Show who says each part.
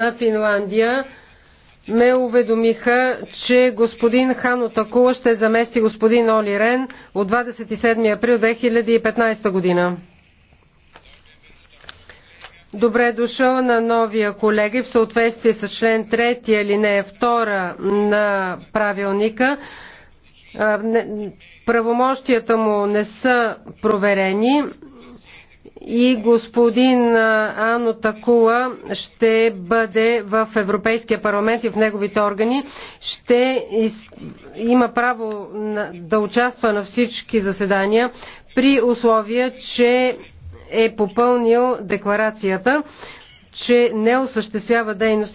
Speaker 1: на Финландия ме уведомиха, че господин Хано Такула ще замести господин Оли Рен от 27 април 2015 година. Добре е дошъл на новия колеги в съответствие с член 3 не 2 на правилника. Правомощията му не са проверени и господин Ано Такула ще бъде в Европейския парламент и в неговите органи. Ще има право да участва на всички заседания при условие, че е попълнил декларацията, че не осъществява
Speaker 2: дейности